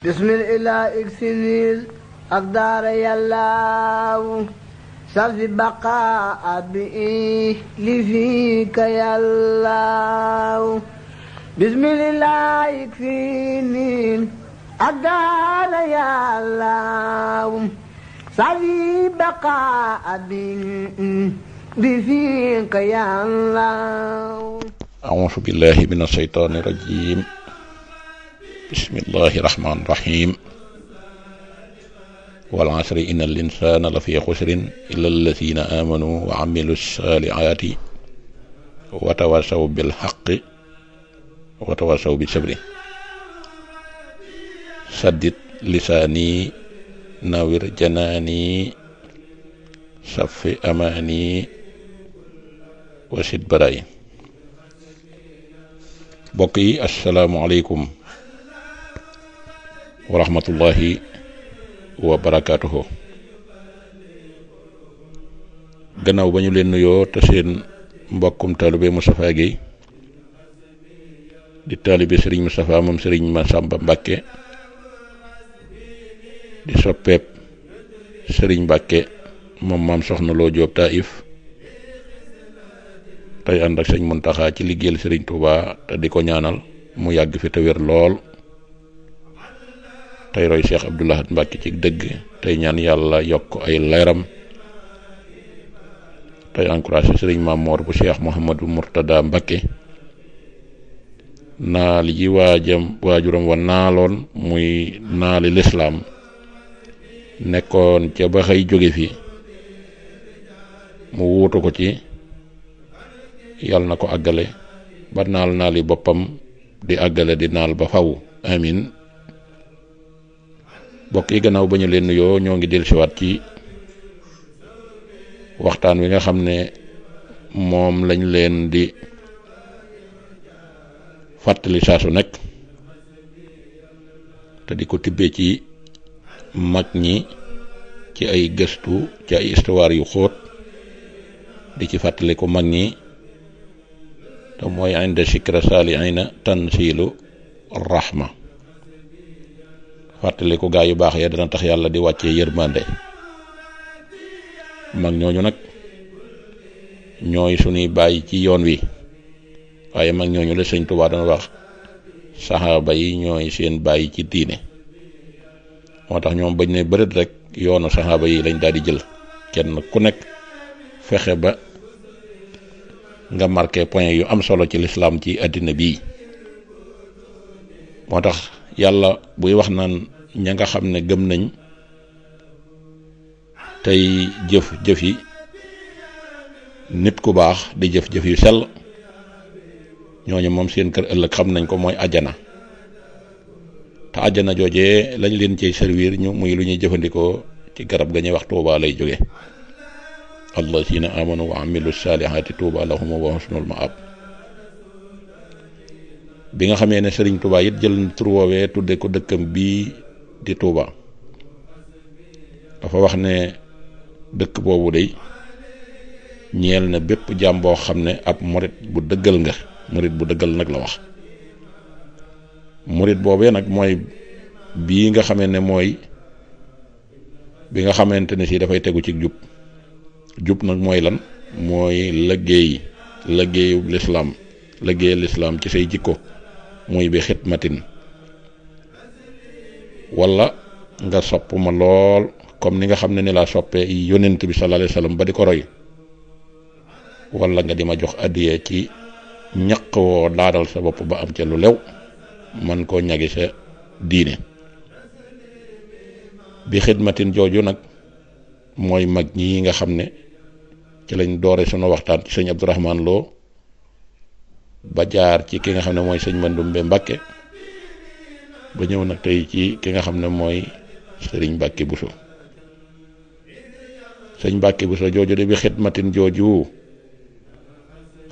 bismillah iksinil ak daara yàllaaw salfi baqa abi li fiika yàllaaw bismillah iksinil ak daara yàllaaw salfi baqa abi li fiika yàllaaw auzu billahi min ashaytaani rajiim بسم الله الرحمن الرحيم والعصر إن الإنسان لفي خسر إلا الذين آمنوا وعملوا الصالحات وتواصوا بالحق وتواصوا بالصبر سدد لساني نوير جناني صف أماني وسد براي بقي السلام عليكم wa rahmatullahi wa gannaaw bañu ñu leen nuyoo te seen mbokkum talibé Moustapha Guèye di talibé Serigne Moustapha moom Serigne Massamba Mbacke di soppeeb Serigne Mbacke moom maam soxna loo Jóob taif tay ànd ak sëñ Muntaxa ci liggéeyal Serigne Touba te di ko ñaanal mu yàgg fi te wér lool tey roy Cheikh Abdoul Ahad ci dëgg tey ñaan yàlla yokk ay leeram tey encouragé sëriñ Mamoor bu Cheikh Mouhamadou Mourtada Mbacke naal yi waajam waajuram wa naaloon muy naali lislaam nekkoon ca ba xëy jóge fi mu wuutu ko ci yàlla na ko àggale ba naal naali boppam di àggale di naal ba faw amin bokk yi gannaaw bañu nyongi leen nuyoo ñoo ngi del ci waxtaan wi nga xamne mom lañ leen di fatali saa nek te di ko tibbee ci mag ñi ci ay gestu ci ay histoire yu xoot di ci fàttali ko mag ñi te mooy inda sikra tansilu rahma ko gaa yu baax ya dana tax yàlla di wàccee yërmande mag ñooñu nag ñooy suñuy bàyyi ci yoon wi waaye mag ñooñu la sëñ Tuubaa dana wax saxaaba yi ñooy seen bàyyi ci diine moo tax ñoom bañ ne bërët rek yoonu saxaaba yi lañ daal di jël kenn ku nekk fexe ba nga marqué point yu am solo ci l'islam ci àddina bii moo yàlla buy wax naan ña nga xam ne gëm nañ tey jëf jëf yi nit ku baax di jëf jëf yu sell ñooñu moom seen kër ëllëg xam nañ ko mooy àjjana te àjjana joojee lañu leen ciy servir ñu muy lu ñuy jëfandikoo ci garab ga ñuy wax tuuba lay jóge allazina amanu wa amilu saalihaati tuuba lahum wa ma maab bi nga xamee ne sëriñ Touba it jël na tur woowee tudde ko dëkkam bii di Touba dafa wax ne dëkk boobu dey ñeel na bépp jaam boo xam ne ab morit bu dëggal nga morit bu dëggal nag la wax morit boobee nag mooy bii nga xamee ne mooy bi nga xamante ne si dafay tegu ci jub jub nag mooy lan mooy liggéey liggéeyu lislaam liggéeyal lislaam ci say jikko muy bi matin. wala nga sopp ma lool comme ni nga xam ne ni laa soppee yonent bi sallallahu alayhi wasallam ba di ko roy wala nga di jox addiyee ci ñaq woo sa bopp ba am ca lu lew man ko ñagi sa diine bi xidmatin jooju nag mooy mag ñi nga xam ne ci lañ doore sunu waxtaan ci sëñ Abdourahman Lo ba jaar ci ki nga xam ne mooy sëñ Mandumbe Mbàkke ba ñëw nag tey ci ki nga xam ne mooy sëriñ Mbàkke Buso sëñ Mbàkke Buso jooju de bi matin jooju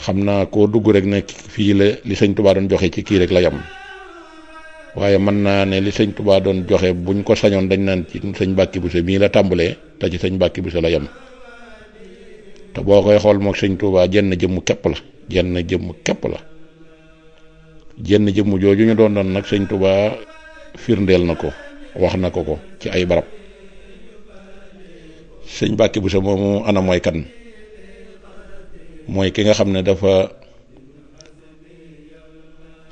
xam naa koo dugg rek ne fii la li sëñ Tubaa doon joxe ci kii rek la yam waaye man naa ne li sëñ Tubaa doon joxe buñ ko sañoon dañ naan ci sëñ Mbàkke Buso mii la tàmbalee te ci sëñ Mbàkke Buso la yam te boo koy xool moog sëñ Tuubaa jenn jëmm kepp la jenn jëmm képp la jenn jëmm jooju ñu doon doon nag sëñ Tuubaa firndeel na ko wax na ko ko ci ay barab sëñ Mbàkke Buso moomu ana mooy kan mooy ki nga xam ne dafa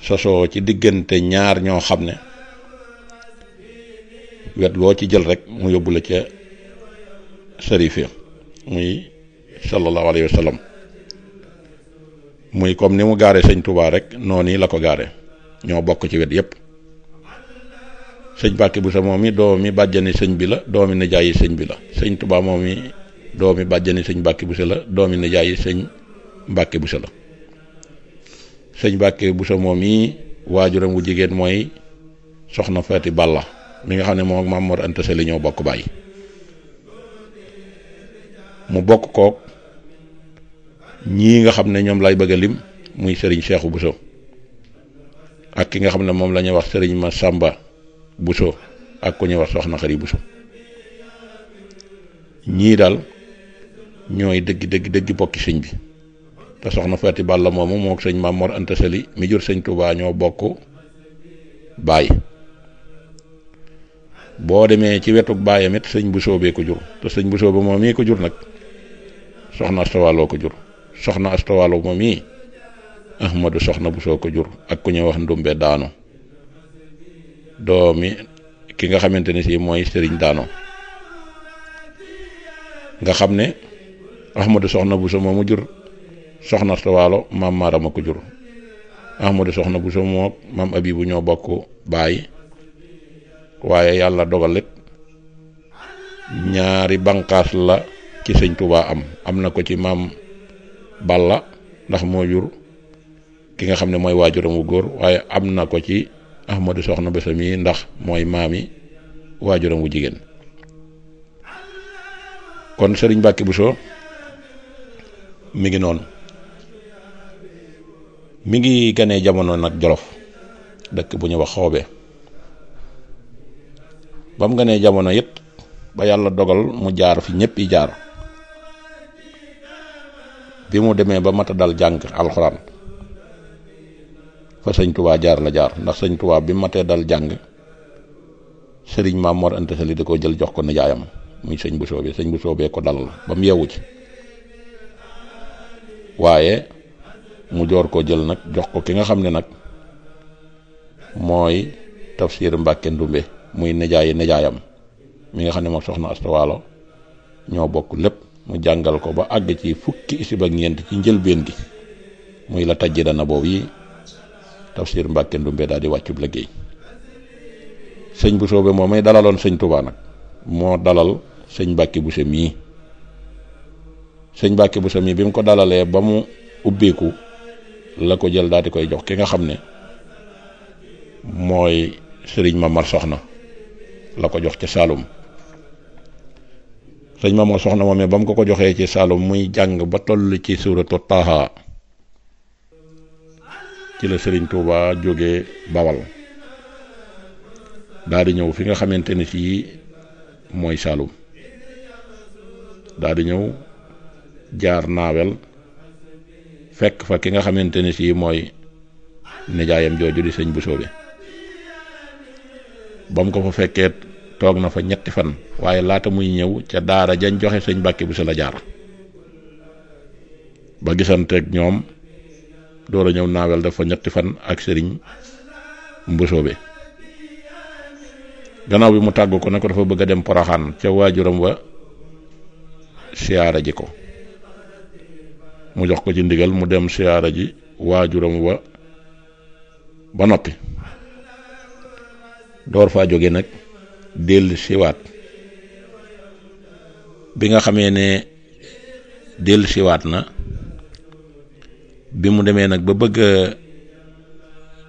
sosoo ci diggante ñaar ñoo xam ne wet loo ci jël rek mu yóbbu la ca sariif muy sallallahu alayhi wa muy comme ni mu gaare sëñ tubaa rek noonu yi la ko gaare ñoo bokk ci wet yépp sëñ Mbàkke Buso moom mi doomi bàjjani sëñ bi la doomi nijaayi sëñ bi la sëñ Touba moom mi doomi bàjjani sëñ Mbàkke Buso la doomi nijaayi sëñ Mbàkke Buso la sëñ Mbàkke Buso moom mi waajuram wu jigéen mooy soxna Faati Balla mi nga xam ne moom ak Maam Mor Anta Sali ñoo bokk bàyyi mu bokk kook ñi nga xam ne ñoom lay bëgg a lim muy serigne Buso ak ki nga xam ne moom la wax serigne ma Samba Buso ak ku ñuy wax soxna Xari Buso ñii daal ñooy dëgg dëgg dëgg bokki sëñ bi te soxna Faati Balla moomu moo sëñ Maam Mor Anta Sali mi jur sëñ touba ñoo bokk baay boo demee ci wetuk baye it sëñ Buso bee ko jur te sëñ Buso ba moom mii ko jur nag soxna Asta ko jur soxna astawalo moom mii ahmadu soxna bu soo ko jur ak ku ñuy wax ndumbe daano doomi ki nga xamante ne sii mooy sëriñ daano nga xam ne ahmadu soxna bu so moomu jur soxna astawalo maam maarama ko jur ahmadu soxna bu so moom maam abibu ñoo bokk bàyyi waaye yàlla dogal it ñaari banqaas la ci sëñ Tuubaa am am na ko ci maam balla ndax moo yur ki nga xam ne mooy wu góor waaye am na ko ci ahmadu soxna bésa mii ndax mooy mami waajuram wu jigéen kon sëriñ Buso mi ngi noonu mi ngi ganee jamono nag jolof dëkk bu ñu wax xoobe ba mu ganee jamono it ba yàlla dogal mu jaar fi ñëpp yi jaar bi mu demee ba mat dal jàng alxuraan fa sëñ tubaa jaar la jaar ndax sëñ tubaa bi matee dal jàng sëriñ maam Mor Sali da jël jox ko nijaayam muy sëñ bu soobee sëñ bu soobee ko dal ba mu ci waaye mu joor ko jël nag jox ko ki nga xam ne nag mooy tafsir Mbàkke Ndumbe muy Mui nijaayam mi nga xam ne moom soxna Astawaalo ñoo bokk lépp mu jangal ko ba ag ci fukki isib ak ñeent ci ben gi muy la tajji dana yi tafsir mbacke ndumbe daal di wàccub geey sëñ bu soobe momay dalalon dalaloon sëñ nak mo dalal sëñ mbacke bu sa mii sëñ mbàkke bu sa mii ko dalale ba mu ubbeeku la ko jël daal di koy jox ki nga xamne moy Mamar Soxna la ko jox ci salum sëñ Mamoor soxna moomee ba mu ko ko joxee ci Saalum muy jàng ba toll ci suuratu Taaha ci la Sëriñ Tuubaa jóge Bawal daa ñëw fi nga xamante ni sii mooy Saalum daa ñëw jaar naawel fekk fa ki nga xamante ni sii mooy nijaayam jooju di sëñ bu soobe ba mu ko fa fekkeet toog na fa ñetti fan waaye laata muy ñëw ca daara jañ joxe sëñ Mbàkke bu sa la jaar ba gisanteeg ñoom door a ñëw naawel dafa ñetti fan ak sëriñ mbusoo bi gannaaw bi mu tàgg ko ne ko dafa bëgg a dem poroxaan ca waajuram wa siyaara ji ko mu jox ko ci ndigal mu dem siyaara ji waajuram wa ba noppi door faa jóge nag ci wat bi nga né ne ci wat na bi mu démé nak ba bëgg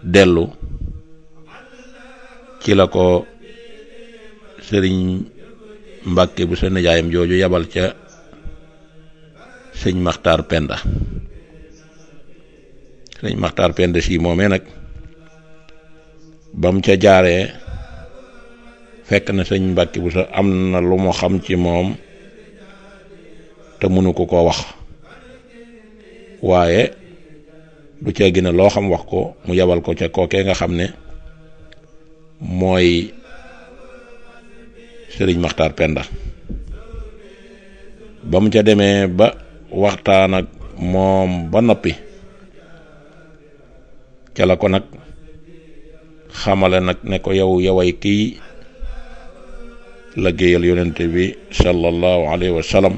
delu ci la ko sëriñ mbacké bu sa jaayam jooju yabal ca sëñ maktar penda sëñ maktar penda si momé nak bam ca jaaré fekk na sëñ Mbàkke bu sa am na lu mu xam ci moom te munu ko ko wax waaye du cee gën a loo xam wax ko mu yabal ko ca kookee nga xam ne mooy sëriñ Penda ba mu ca demee ba waxtaan ak moom ba noppi ca la ko nag xamale nag ne ko yow yaway kii liggéeyal yonente bi sallallahu alayhi wa sallam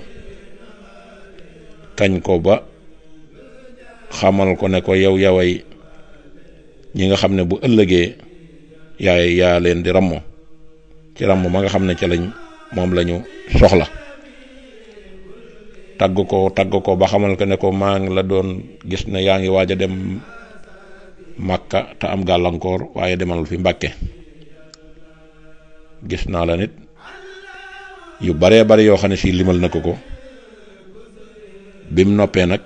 kañ ko ba xamal ko ne ko yow yaway ñi nga xam ne bu ëllëgee yaay yaa leen di rammo ci rammo ma nga xam ne ca lañ moom la ñu soxla tagg ko tagg ko ba xamal ko ne ko maa ngi la doon gis na yaa ngi waaj a dem Màkka te am gàllankoor waaye demal fi Mbàkke gis naa la nit yu baree bari yoo xam ne si limal na ko ko bim noppee nag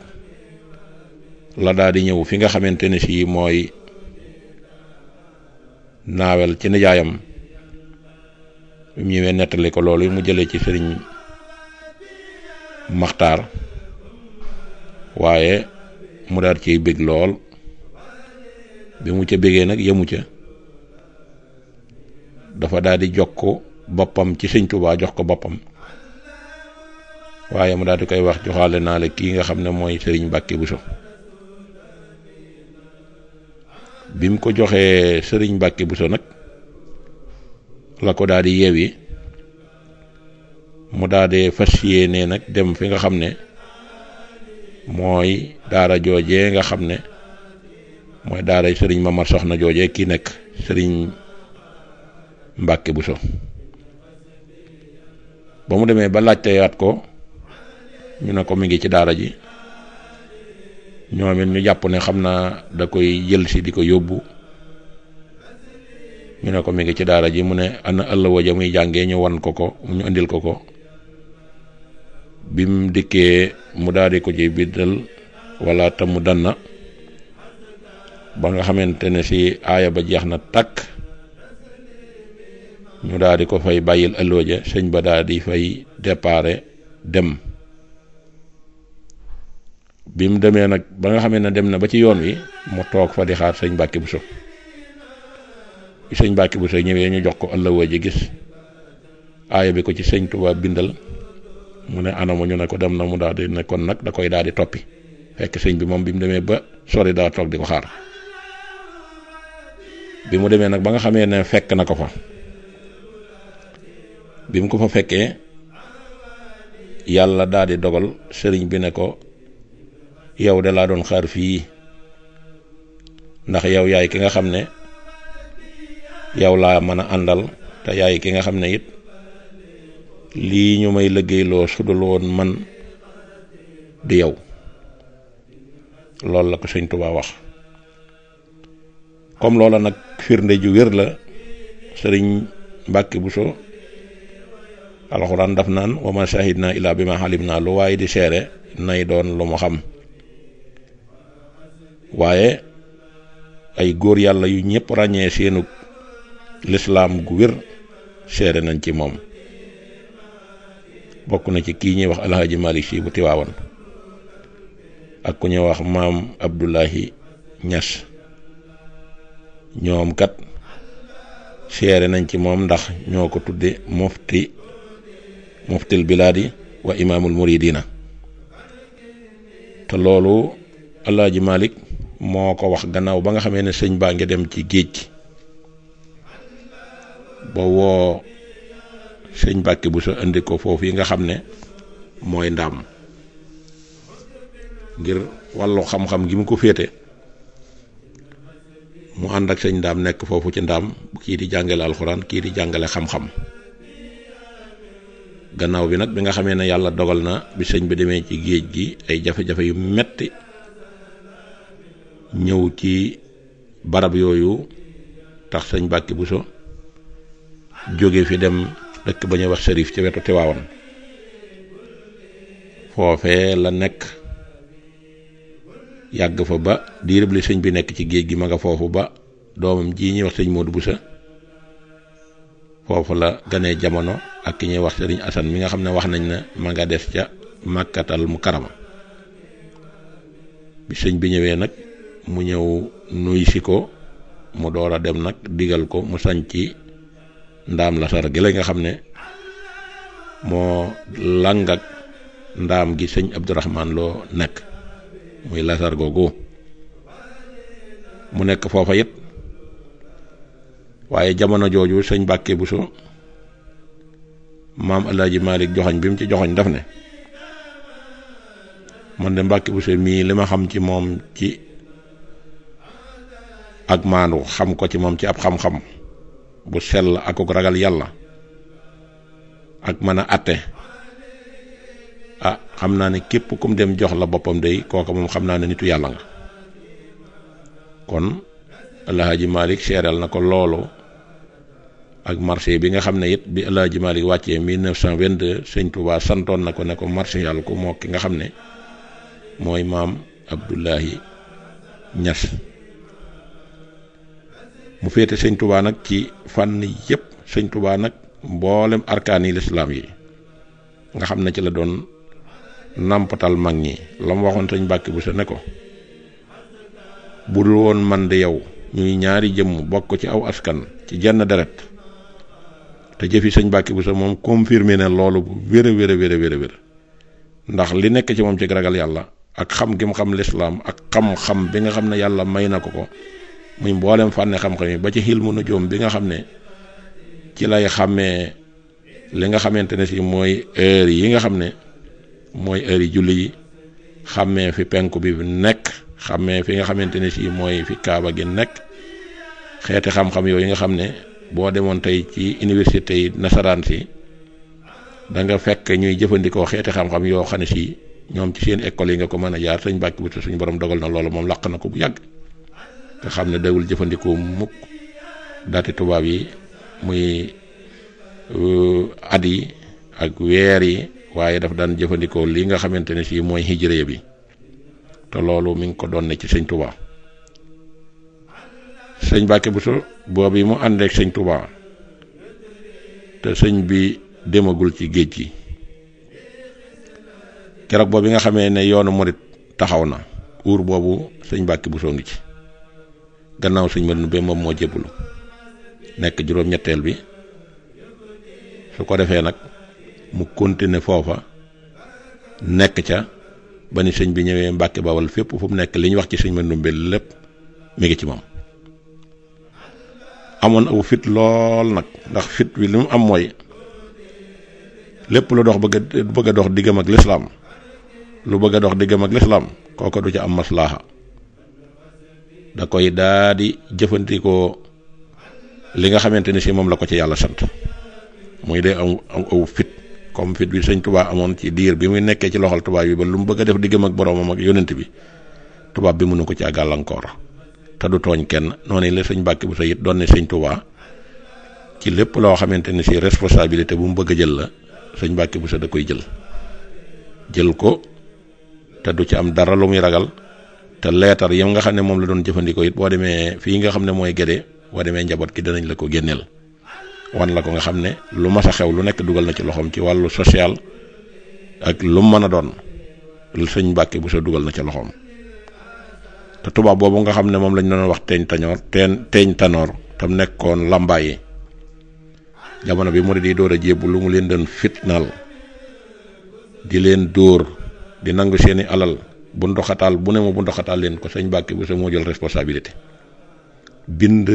la daa di ñëw fi nga xamante ne si mooy naawel ci nijaayam bi mu ñëwee ko loolu mu jëlee ci sëriñ maxtaar waaye mu daal ciy bég lool bi mu ca béggee nag yemu ca dafa daal di jokk boppam ci sëñ Tuubaa jox ko boppam waaye mu daal di koy wax joxaale naa la kii nga xam ne mooy sëriñ Mbàkke bu bi mu ko joxee sëriñ Mbàkke Buso nag la ko daal di yeewi mu daal di fas yéene nag dem fi nga xam ne mooy daara joojee nga xam ne mooy daara sëriñ Mamar Soxna joojee ki nekk sëriñ bu so ba mu demee ba laajteyaat ko ñu ne ko mu ngi ci daara ji ñoom it ñu jàpp ne xam naa da koy jël si di ko yóbbu ñu ne ko mu ngi ci daara ji mu ne ana ëllëgoo ja muy jàngee ñu wan ko ko ñu indil ko ko bi mu dikkee mu daal di ko ci biddal wala tam mu na ba nga xamante ne si aaya ba jeex na takk ñu daal di ko fay bàyyil allooja sëñ ba daal di fay déparé dem bi mu demee nag ba nga xamee ne dem na ba ci yoon wi mu toog fa di xaar sëñ bu Buso sëñ Mbàkke Buso ñëwee ñu jox ko allawoo ji gis aaya bi ko ci sëñ Tuubaa bindal mu ne anamu ñu ne ko dem na mu daal di ne kon nag da koy daal di toppi fekk sëñ bi moom bi mu demee ba sori daa toog di ko xaar bi mu demee nag ba nga xamee ne fekk na ko fa bi mu ko fa fekkee yàlla daal di dogal sëriñ bi ne ko yow de laa doon xaar fii ndax yow yaay ki nga xam ne yow laa mën a àndal te yaay ki nga xam ne it lii ñu may liggéeyloo su dul woon man di yow loolu la ko sëñ Tuubaa wax comme loola nag firnde ju wér la sëriñ bu Buso alxuraan daf naan wa ma shahidna illa bi di seere nay doon lu mu ay góor yàlla yu ñëpp ràññee seenu lislaam gu wér nañ ci moom bokk na ci kii ñuy wax alxaaji Malik Si bu tiwaawan ak ku ñuy wax maam Abdullahi Ñas ñoom kat seere nañ ci moom ndax ñoo ko tudde mufti muftil bilaadi wa imaamul na te loolu Alaaji Malik moo ko wax gannaaw ba nga xamee ne sëñ baa ngi dem ci géej gi ba woo sëñ Mbàkke bu sa indi ko foofu yi nga xam ne mooy ndam ngir wàllu xam-xam gi mu ko féete mu ànd ak sëñ ndaam nekk foofu ci ndaam kii di jàngale alxuraan kii di jàngale xam-xam gannaaw bi nag bi nga xamee ne yàlla dogal na bi sëñ bi demee ci géej gi ay jafe-jafe yu metti ñëw ci barab yooyu tax sëñ bàkki buso jóge fi dem dëkk ba ñuy wax sharif ci wetu tiwaawan foofee la nekk yàgg fa ba diirib li sëñ bi nekk ci géej gi ma nga foofu ba doomam ji ñuy wax sëñ moodu fofu la gane jamono ak ñi wax sëriñ asan mi nga xam wax nañ na ma nga def ca makatal mukarama bi bi nak mu ñëw nuy mu doora dem nak digal ko mu sañ ci ndam la sar gi la nga xam mo lang ak ndam gi abdourahman lo nak muy lasar gogo mu nek fofa yépp waye jamono joju sëñ bakke Buso Mam Alaaji Malik joxagn bim ci joxagn daf ne man de Mbàkke Buso mi lima xam ci mom ci ak manu xam ko ci mom ci ab xam-xam bu sel ak ko ragal yalla ak a ah ne kum dem jox la bopam day kooka moom nitu yalla nga kon Alaaji Malik seeral nako lolo. ak marché bi nga xam ne it bi El Hadj Malick wàccee 1922 sëñ Touba santoon na ko ne ko marché yàlla ko moo ki nga xam ne mooy maam Abdoulahi Ñas mu féete sëñ Touba nag ci fànn yëpp sëñ Touba nag mboolem arkaani lislaam yi nga xam ne ci la doon nampatal mag ñi la mu waxoon sëñ Mbàkke bu sa ne ko bu dul woon man de yow ñuy ñaari jëmm bokk ci aw askan ci jenn deret te jëfi sëñ bu sa moom confirmé na loolu bu wér a wér ndax li nekk ci moom ci ragal yàlla ak xam gi mu xam lislaam ak xam-xam bi nga xam ne yàlla may na ko ko muy mboolem fànne xam-xam yi ba ci xilmu nu joom bi nga xam ne ci lay xàmmee li nga xamante ne si mooy yi nga xam ne mooy heure julli yi xàmmee fi penku bi nekk xàmmee fi nga xamante ne si mooy fi kaaba gi nekk xeeti xam-xam yi nga xam ne boo demoon tey ci université yi nasaraan si danga fekk ñuy jëfandikoo xeeti xam-xam yoo xam ne si ñoom ci seen école yi nga ko mën a jaar sëñ bàkki bu suñu borom dogal na loolu moom làq na ko bu yàgg nga xam ne dawul jëfandikoo mukk daati tubaab yi muy uh, at yi ak weer yi waaye daf daan jëfandikoo li nga xamante ne si mooy hijriya bi te loolu mi ngi ko doon ne ci sëñ Tuubaa sëñ Bàkke Buso boobu yi mu ànd ak sëñ Touba te sëñ bi démagul ci géej gi keroog boobu nga xamee ne yoonu murit taxaw na uur boobu sëñ Mbàkke bu soo ci gannaaw sëñ Madou Ndoumbe moom moo jébbalu nekk juróom-ñetteel bi su ko defee nag mu continuer foofa nekk ca ba ni sëñ bi ñëwee Mbàkke Bawal fépp fu mu nekk li ñu wax ci sëñ Madou Ndoumbe lépp mu ngi ci moom. amon aw fit lol nak ndax fit wi lim am moy lepp lu dox bëgg bëgg dox digam ak l'islam lu bëgg dox digam ak l'islam koko du ci am maslaha da koy daa di li nga xamanteni ci si la ko ci yalla sant moy day am aw fit comme fit bi sëñ tubaa amoon ci dir bi muy nekké ci loxol bi ba lu bëgg def digam ak boromam ak yonent bi tubaab bi mënu ko ci gàllankoor ta du togn kenn noni le sëñ bakki bu sayit it doon touba ci lepp lo xamanteni ci si responsabilité bu mu bëgg jël la sëñ bakki bu sa da koy jël jël ko ta du ci am dara lu muy ragal ta leetar yam nga xamne ne la doon jëfëndiko it bo démé fi nga xamne moy gédé bo démé njabot ki dañ la ko génneel wan la ko nga xamne lu ma sa xew lu nek dugal na ci loxom ci walu social ak lu mën doon sëñ bakki bu sa dugal na ci loxom te tuba bobu nga xamne mom lañ doon wax teñ tanor teñ teñ tanoor tam nekkon lambaay jamono bi mouride yi doora lu mu leen doon fitnal di leen door di nangu seeni alal bu ndoxataal bu ne mo bu ndoxataal leen ko sëñ bakki bu se mo jël responsabilité bind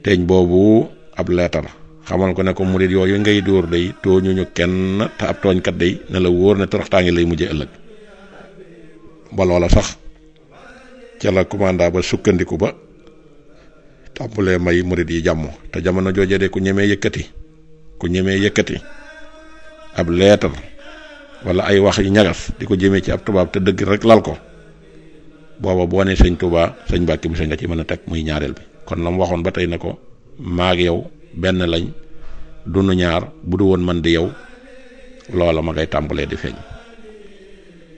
teñ bobu ab lettre xamal ko ne ko mouride yooyu ngay door day ñu kenn ta ab kat day na la woor ne tangi lay mujjé ëlëk ba lola sax ca la commanda ba sukkandiku ba tàmbulee may murit yi jàmm te jamono jooje de ku ñemee yëkkati ku ñemee yëkkati ab leetal wala ay wax yu ñagas di ko jëmee ci ab tubaab te dëgg rek lal ko booba boo ne sëñ Touba sëñ Mbàkke bi sëñ nga ci mën a teg muy ñaareel bi kon la mu waxoon ba tey ne ko maag yow benn lañ dunu ñaar bu du woon man di yow loola ma ngay tàmbalee di feeñ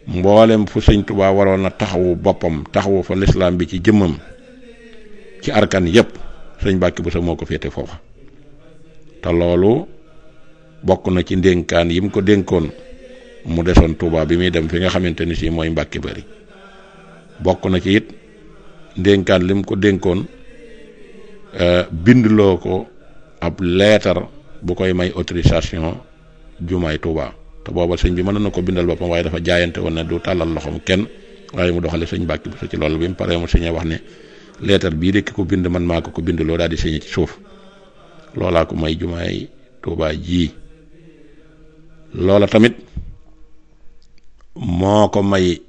mbolem fu seigne touba warona a taxawu boppam taxawu fa l'islam bi ci jëmam ci arkan yep seigne bakki bu sa moko ko fofu ta lolu bokku na ci denkan yim ko denkon mu deson touba bi mi dem fi nga xamanteni ci moy bari na ci it denkan lim ko euh bind ko ab lettre bu koy may autorisation jumaay touba te booba sëñ bi mën na ko bindal boppam waaye dafa jaayante woon ne du tàllal loxoom kenn waaye mu doxale sëñ Mbàkke Buso ci loolu bi mu paree mu signé wax ne leetar bii de ki ko bind man maa ko ko bind loo daal may jumaay Tuubaa ji loola tamit moo ko may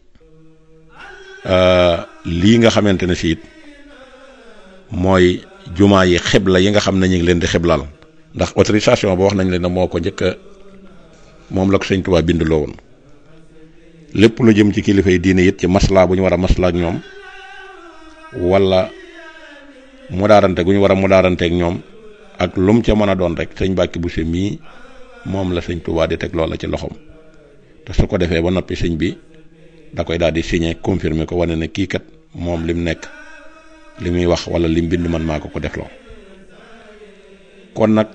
euh, lii nga xamante ne siit mooy jumaa yi xibla yi nga xam ne ñu ngi leen di xiblaal ndax autorisation ba wax nañ leen moo ko njëkk moom la ko sëñ Tuubaa bind loo woon lépp lu jëm ci kilifa yi diine it ci maslaa bu ñu war a maslaa ak ñoom wala mu daarante gu ñu war a mu daarante ak ñoom ak lum ca mën a doon rek sëñ bu Buso mii moom la sëñ Tuubaa di teg loola ci loxoom te su ko defee ba noppi sëñ bi da koy daal di signé confirmer ko wane ne kii kat moom lim nekk li muy wax wala lim bind man maa ko ko def loo kon nag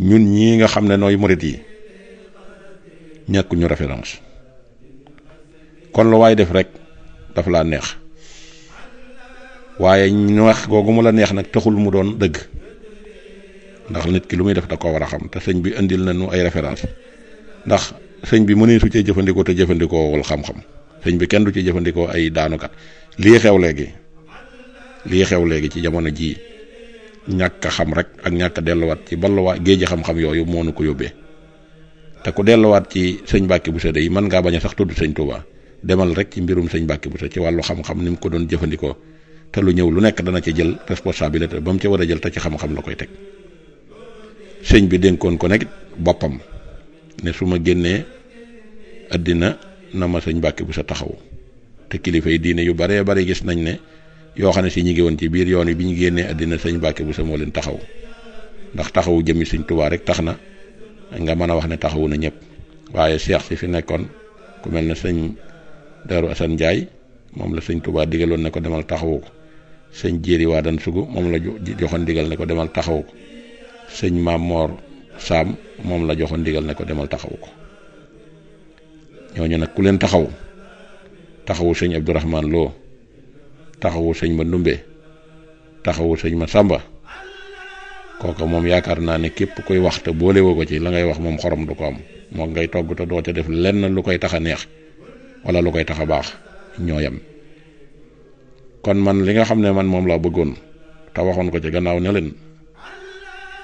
ñun ñii nga xam ne nooy murit yi. ñàkkuñu référence kon lu waay def rek daf laa neex waaye neex googu mu la neex nag taxul mu doon dëgg ndax nit ki lu muy def da ko war a xam te sëñ bi indil nañu ay référence ndax sëñ bi mëneesu cee jëfandikoo te jëfandikoowul xam-xam sëñ bi kenn du ci jëfandikoo ay daanukat lii xew léegi lii xew léegi ci jamono jii ñàkk xam rek ak ñàkk delluwaat ci balluwaay géeji xam-xam yooyu moo nu ko yóbbee te ku delluwaat ci sëñ bu Buso day man ngaa bañ a sax tudd sëñ Tuuba demal rek ci mbirum sëñ bu sa ci wàllu xam-xam ni mu ko doon jëfandikoo te lu ñëw lu nekk dana ci jël responsabilité ba mu ca war a jël te ci xam-xam la koy teg sëñ bi dénkoon ko nag boppam ne su ma génnee àddina na ma sëñ bu sa taxaw te kilifa yi diine yu baree bari gis nañ ne yoo xam ne si ñu ngi woon ci biir yoon yi bi ñu génnee àddina sëñ bu Buso moo leen taxaw ndax taxawu jëmi sëñ Tuuba rek tax na nga mëna wax ne taxawu na ñëpp waaye cheikh si fi nekkoon ku mel ne daru asan njaay moom la sëñ tubaa digaloon ne ko demal taxawu ko sëñ jéeri waa dan sugu moom la joxoon digal ne ko demal taxawu ko sëñ maam moor saam la joxoon digal ne ko demal taxawu ko ñooñu nag ku leen taxaw taxawu sëñ abdourahman loo taxawu sëñ ma ndumbe taxawu sëñ ma samba kooka moom yaakaar naa ne képp koy wax te boole woo ko ci la ngay wax moom xorom du ko am moo ngay togg te doo ca def lenn lu koy tax a neex wala lu koy tax a baax ñoo yem kon man li nga xam ne man moom laa bëggoon te waxoon ko ci gannaaw ne leen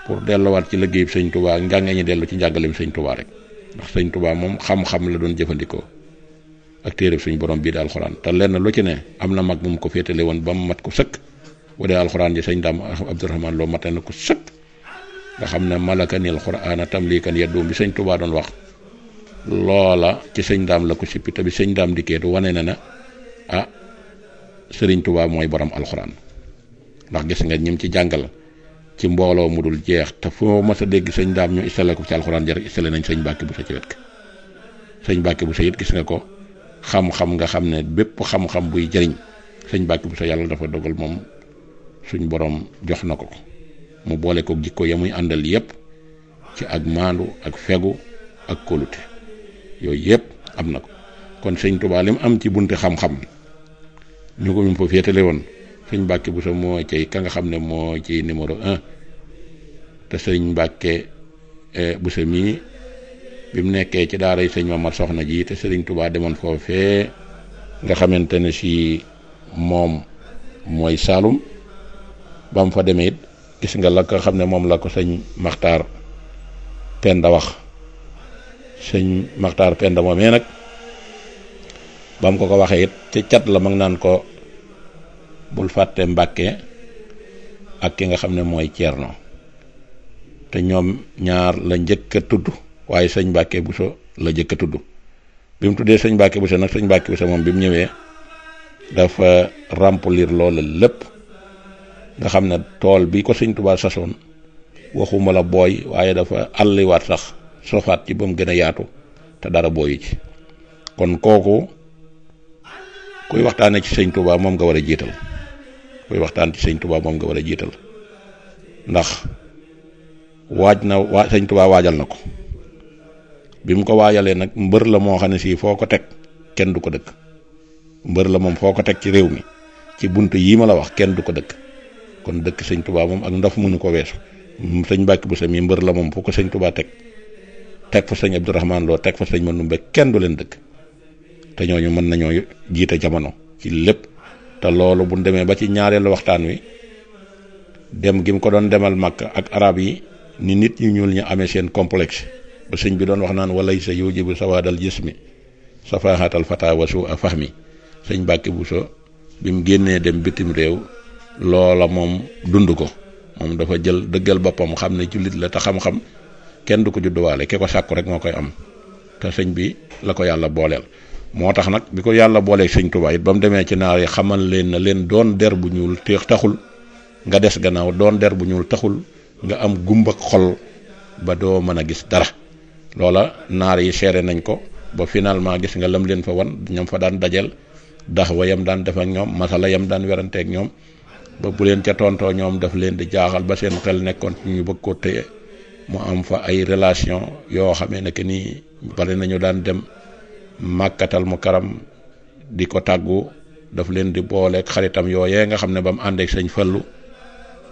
pour delluwaat ci liggéeyub sëñ Touba nga ñi dellu ci njàngaleem sëñ Touba rek ndax sëñ Touba moom xam-xam la doon jëfandikoo ak téereb suñ borom bii daal alxuraan te lenn lu ci ne am na mag mu ko féetale woon ba mu mat ko sëkk. bu Alquran alxuraan ji sëñ daam abdourahman lo maté na ko sëpp nga xamné malakani alquran tamlikan yadum bi sëñ touba don wax lola ci sëñ dam la ko sippi te bi dam diké wane na na ah sëriñ touba moy borom Alquran, ndax gis nga ñim ci jangal ci mbolo mu jeex ta foo mas sa dégg sëñ dam ñu istale ko ci alquran jar istale nañ sëñ bakki bu sa ci wetk sëñ bakki bu sa gis nga ko xam-xam nga xamné ne xam-xam buy jëriñ sëñ bakki bu sa yalla dafa dogal mom suñ borom jox na ko ko mu boole ko jikko ya àndal yépp ci ak maandu ak fegu ak kóolute yooyu yépp am na ko kon sëñ Tuubaa li mu am ci bunte xam-xam ñu ko ñu fa féetale woon sëñ Mbàkke Buso moo ci ka nga xam ne moo ci numéro un te sëñ Mbàkke e, Buso bi mu nekkee ci daara yi sëñ Mamar Soxna ji te sëriñ tubaa demoon foofee nga xamante ne si moom mooy Saalum ba mu fa demee it gis nga la ko xam ne moom la ko sëñ maxtaar penda wax sëñ maxtaar penda moomee nag bam ko ko waxee it ci cat la mag naan ko bul fàtte mbàkke ak ki nga xam ne mooy ceerno te ñoom ñaar la njëkk a tudd waaye sëñ mbàkke bu so la njëkk tudd bi mu tuddee sëñ mbàkke bu so nag sëñ mbàkke bu so moom bi mu ñëwee dafa remplir loola lépp nga xam ne tool bi ko sëñ Tuubaa sasoon waxuma la booy waaye dafa àlliwaat sax sofaat ci ba mu gën a yaatu te dara booyu ci kon kooku kuy waxtaane ci sëñ Tuubaa moom nga war a jiital kuy waxtaan ci sëñ moom nga war jiital ndax waaj na waa sëñ Tuubaa waajal na ko bi mu ko waajalee nag mbër la moo xam ne sii foo ko teg kenn du ko dëkk mbër la moom foo ko teg ci réew mi ci bunt yii ma la wax kenn du ko dëkk kon dëkk sëñ tuba moom ak ndaf mënu ko weesu mm, sëñ bàkki bu sa mi mbër la moom fu ko sëñ tuba teg teg fa sëñ abdourahman loo teg fa sëñ manumbe kenn du leen dëkk te ñooñu mën nañoo jiite jamono ci lépp te loolu bu demee ba ci waxtaan wi dem gim ko doon demal màkk ak arab yi ni nit ñu ñuul ñu amee seen complexe ba sëñ bi doon wax naan walay sa yujibu sawaadal jismi safahatal fata wa su'a fahmi sëñ bàkki bu so bim dem bitim réew loola moom dund ko moom dafa jël dëggal boppam xam ne jullit la te xam-xam kenn du ko judduwaale ki ko sàkku rek moo koy am te sëñ bi la ko yàlla booleel moo tax nag bi ko yàlla booleeg sëñ Tuubaa it ba mu demee ci naar yi xamal leen na leen doon der bu ñuul te taxul nga des gannaaw doon der bu ñuul taxul nga am gumba xol ba doo mën a gis dara loola naar yi seere nañ ko ba finalement gis nga lam leen fa wan ñoom fa daan dajeel dax wa yam daan defak ñoom masala yam daan weranteeg ñoom ba bu leen ca tontoo ñoom daf leen di jaaxal ba seen xel nekkoon ci ñu bëgg ko téye mu am fa ay relation yoo xamee ne que bari nañu daan dem màkkatal mu karam di ko tàggu daf leen di booleeg xaritam yooyee nga xam ne ba mu àndeeg sëñ Fallu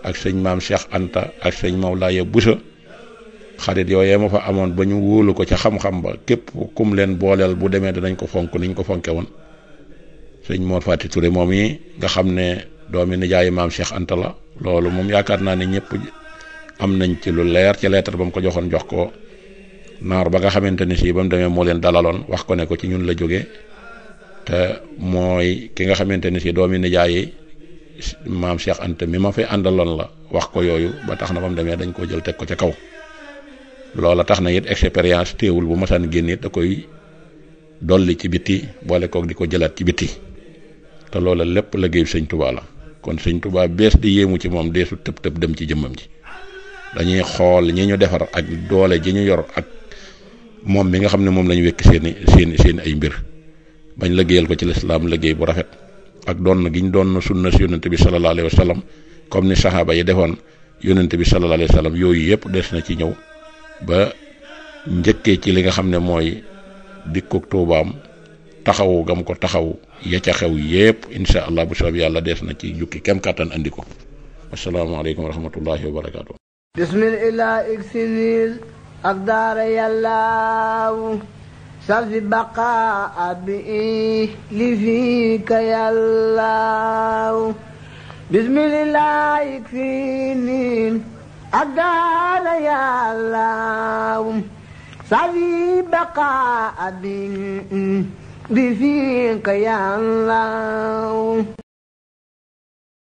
ak sëñ Cheikh Anta ak sëñ Mawlaaye Busa xarit yooyee ma fa amoon ba ñu wóolu ko ca xam-xam ba képp kum leen booleel bu demee danañ ko fonk niñ ko fonke sëñ Mor Touré moom nga xam ne doomi nijaayu maam Cheikh Antala la loolu moom yaakaar naa ne am nañ ci lu leer ci lettre ba mu ko joxoon jox ko naar ba nga xamante ni si ba mu demee moo leen dalaloon wax ko ne ko ci ñun la jógee te mooy ki nga xamante ni si doomi nijaay maam Cheikh Anta mi ma fi àndaloon la wax ko yooyu ba tax na ba mu demee dañ ko jël teg ko ca kaw loola tax na it expérience teewul bu masaan génn da koy dolli ci biti boole kook di ko jëlaat ci bitti te loola lépp liggéeyu Sëñ la kon sëñ Tuubaa bees di yéemu ci moom deesu tëb tëb dem ci jëmmam ji dañuy xool ñi ñu defar ak doole ji ñu yor ak moom bi nga xam ne moom la ñu wekk seen seen seen ay mbir bañ liggéeyal ko ci lislaam liggéey bu rafet ak doon gi ñu doon sunna si yonent bi sallallahu alayhi wa sallam comme ni saxaaba yi defoon yonent bi sallallahu alayhi wa yooyu yëpp des na ci ñëw ba njëkkee ci li nga xam ne mooy dikku tuubaam taxawu gam ko taxaw ya ca xew yépp incha bu soob yàlla des na ci jukki kem kàttan andi ko asalaamaaleykum wa rahmatullahi wa barakaatu. bismillah iksinil ak ak daara yàllaaw sal si baqa بفيك يا الله